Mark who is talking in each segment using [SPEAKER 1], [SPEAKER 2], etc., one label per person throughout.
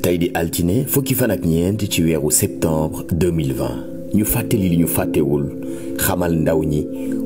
[SPEAKER 1] tey di altine fukki fan ak ñeent ci weeru septembre 2020 ñu fàttali li ñu fàttewul xamal ndaw ñi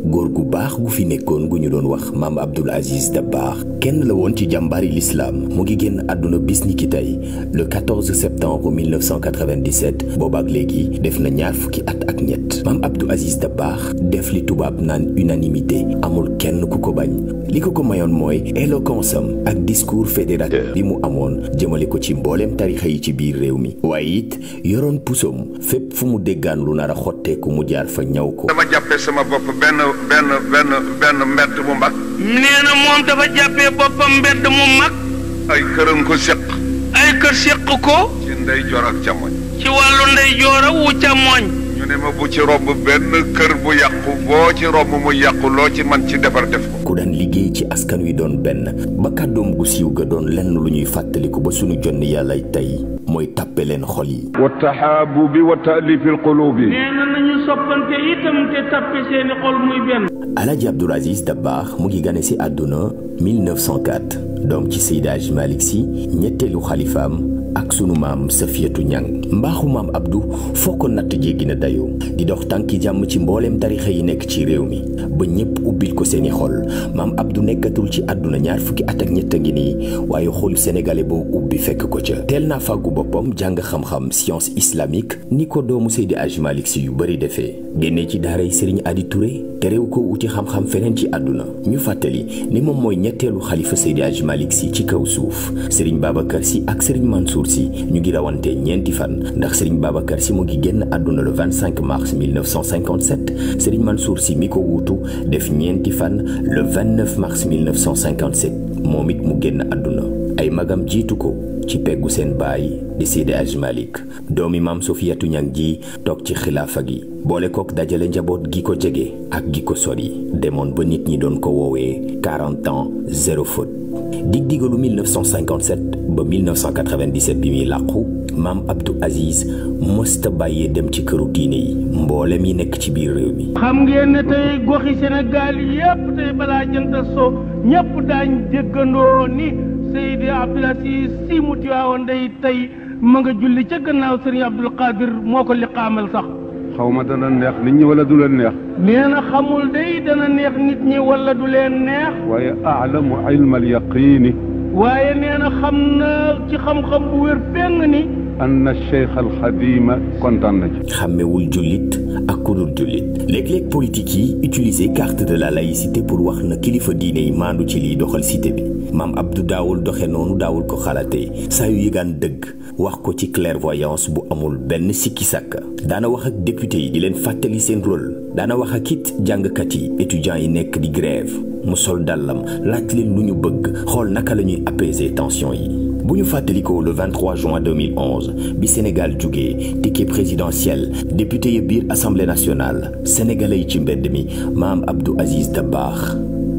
[SPEAKER 1] góor gu baax gu fi nekkoon gu ñu doon wax maam Abdoul Aziz Dabakh kenn la woon ci jàmbaari lislaam mu ngi génn àdduna bis ni ki tey le 14 septembre 1997 boobaak léegi def na ñaar fukki at ak ñett maam Abdoul Aziz Dabakh def li tubaab naan unanimité amul kenn ku ko bañ li ko ko mayoon mooy éloquence am ak discours fédérateur bi mu amoon jëmale ko ci mbooleem tarixa yi ci biir réew mi waaye it yoroon pusoom fépp fu mu déggaan nar a xotteeku mu jaar fa ñaw ko. dama
[SPEAKER 2] jàppe sama bopp benn benn benn benn mbedd mu mag. nee na moom dafa jàppee boppam mbedd mu mag. ay këram ko seq. ay kër seq ko. ci ndeyjoor ak càmmoñ. ci wàllu ndeyjoor ak wu càmmoñ. ñu ne ma bu ci romb benn kër bu yàqu boo ci romb mu yàqu ci man ci defar def ko.
[SPEAKER 1] ku daan liggéey ci askan wi doon benn ba kàddoom gu siiw ga doon lenn lu ñuy fàttaliku ba sunu jonn yàlla tey. mooy tàppe leen xol yi wa taxaabu bi wa taalifi alqulubi
[SPEAKER 2] nee na nañu soppante itam te tàppe seeni xol muy benn
[SPEAKER 1] Alaaji Abdul Aziz Dabaax mu ngi gane si àdduna doom ci Seydi Aji Malick Si ñetteelu xalifaam ak sunu maam Safiyatu Ñang mbaaxu maam Abdou foo ko natt jéggi na dayoo di dox tànki jàmm ci mbooleem tarixa yi nekk ci réew mi ba ñépp ubbil ko seeni xol maam Abdou nekkatul ci àdduna ñaar fukki at ak ñett a ngi nii waaye xolu sénégalais boo ubbi fekk ko ca teel naa fàggu boppam jàng xam-xam science islamique ni ko doomu Seydi Aj Malick Si yu bari defee génne ci daaray Serigne Adi Touré terew ko uti xam xamxam feneen ci àdduna ñu fàttali ni moom mooy ñetteelu xalifa Seydi Hadji si ci kaw suuf Serigne Babacar si ak Serigne Mansour si ñu ngi rawante ñeenti fan ndax Serigne Babacar Sy mu ngi génn àdduna le 25 mars 1957 Serigne Mansour Sy mi ko wutu def ñeenti fan le 29 mars 1957 moom it mu génn àdduna ay magam jiitu ko ci peggu seen baay di Seydi Aj Malik doomi maam Sofiyatu Ñang ji toog ci xilaafa gi boole kook dajale njaboot gi ko jege ak gi ko sori demoon ba nit ñi doon ko woowee 40 ans zéro faute dig digalu 1957 ba 1997 bi muy làqu maam Abdou Aziz mësta bàyyee dem ci këru diine yi mboolem yi nekk ci biir
[SPEAKER 2] réew mi. xam ngeen tey goxi Sénégal yépp tey balaa jënta so ñépp daañ déggandoo ni Seydi Abdoul Aziz si mu Tiwaawoon day tey ma nga julli ca gannaaw sëriñ Abdul Qadir moo ko liqaamal sax. xaw ma dana neex nit ñi wala du neex. nee na xamul day dana neex nit ñi wala du leen neex. waaye aalamu ilmal yaqiini. waaye nee ci xam-xam bu wér fenn ni.
[SPEAKER 1] anna cheikh al Hadima Les na ci. xàmmewul ak carte de la laïcité pour wax na kilifa diine yi maandu ci liy doxal cité bi maam Abdou daawul doxe noonu daawul ko xalaatee saa wax ko ci clairvoyance bu amul Ben sikisaka dana daana wax ak député yi di leen fàttali seen rôle daana wax ak kit jàngkat yi étudiants yi di grève mu sol Latlin laaj leen bëgg tension yi bu ñu le 23 juin 2011 bi Sénégal jugee ticket présidentiel député yi biir assemblée nationale sénégalais yi ci mbedd Abdou Aziz Dabakh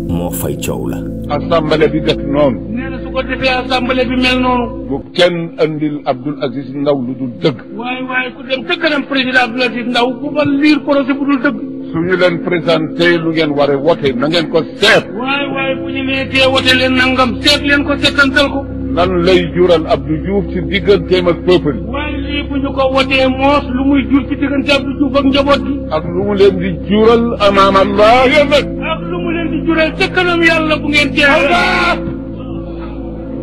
[SPEAKER 1] mon fay coow
[SPEAKER 2] assemblée bi def non. Néna na su ko defee assemblée bi mel non.
[SPEAKER 1] bu kenn
[SPEAKER 2] andil Abdoul Aziz Ndaw lu dul dëgg. Way waaye ku dem ca président Abdou Aziz Ndaw ku fa lire projet bu dul dëgg. su présenter, présenté lu ngeen waré a na ngeen ko seet. Way way bu ñu nee tee wote nangam seet len ko seetantal ko. lan lay jural Abdou Diouf ci digganteem ak peuple yi. waaye lii bu ñu ko wotee moos lu muy jur ci diggante Abdou Diouf ak njaboot gi. ak lu mu leen di jural amaam Allah yéen nag. ak lu mu leen di jural ca kanam yàlla bu ngeen jeexal.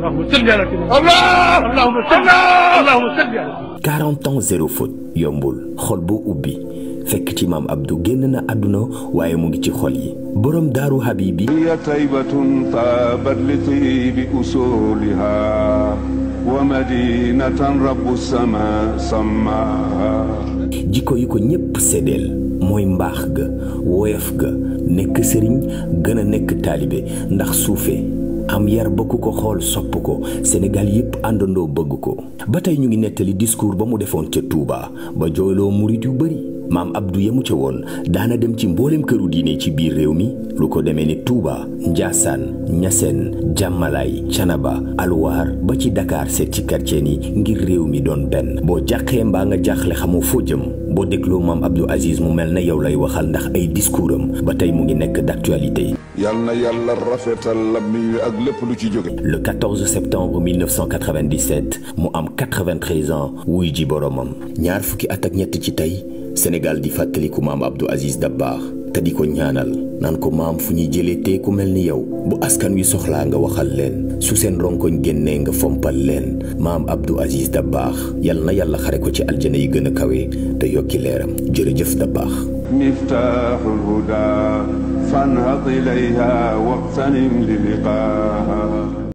[SPEAKER 2] allahumma salli ala allahumma salli allahumma salli
[SPEAKER 1] 40 ans zéro faute yombul xol bu ubbi. fekk ci maam Abdou génn na àdduna waaye mu ngi ci xol yi boroom daaru habibi ya taybatun
[SPEAKER 2] taabat li tibi usuliha wa madinatan
[SPEAKER 1] rabbu sama sammaha jikko yi ko ñépp séddeel mooy mbaax ga woyof ga nekk sëriñ gën a nekk taalibe ndax suufe am yar bëgg ko xool sopp ko Sénégal yépp àndandoo bëgg ko ba tey ñu ngi nettali discours ba mu defoon ca tuubaa ba jooyloo murit yu bari mam Abdou yemu ca woon daana dem ci mbollem këru diine ci biir réew mi lu ko demee ni Touba Njaasaan Ñaseen Jàmmalaay chanaba alwar ba ci Dakar seet ci quartier ni ngir réew mi doon benn boo jàqee mbaa nga jaxlé xamoo foo jëm boo dégloo Abdou Aziz mu mel yow lay waxal ndax ay discours ba tay mu ngi nek d'actualité.
[SPEAKER 2] yalla na yàlla rafetal làmmiñ ak lepp lu ci jóge.
[SPEAKER 1] le 14 septembre 1997 mu am 93 ans wuy ji boromam ñaar fukki at ak ñett ci tay Sénégal di fàttaliku maam Abdou Aziz Dabakh te di ko ñaanal naan ko maam fu ñuy jëlee tey ku mel ni yow bu askan wi soxlaa nga waxal leen su seen ronkoñ génnee nga fompal leen maam Abdou Aziz Dabakh yal na yàlla xare ko ci aljana yi gën a kawe te yokki leeram jërëjëf Dabakh
[SPEAKER 2] miftaaxul hudaa fanhad ilayha waqtanim li liqaaha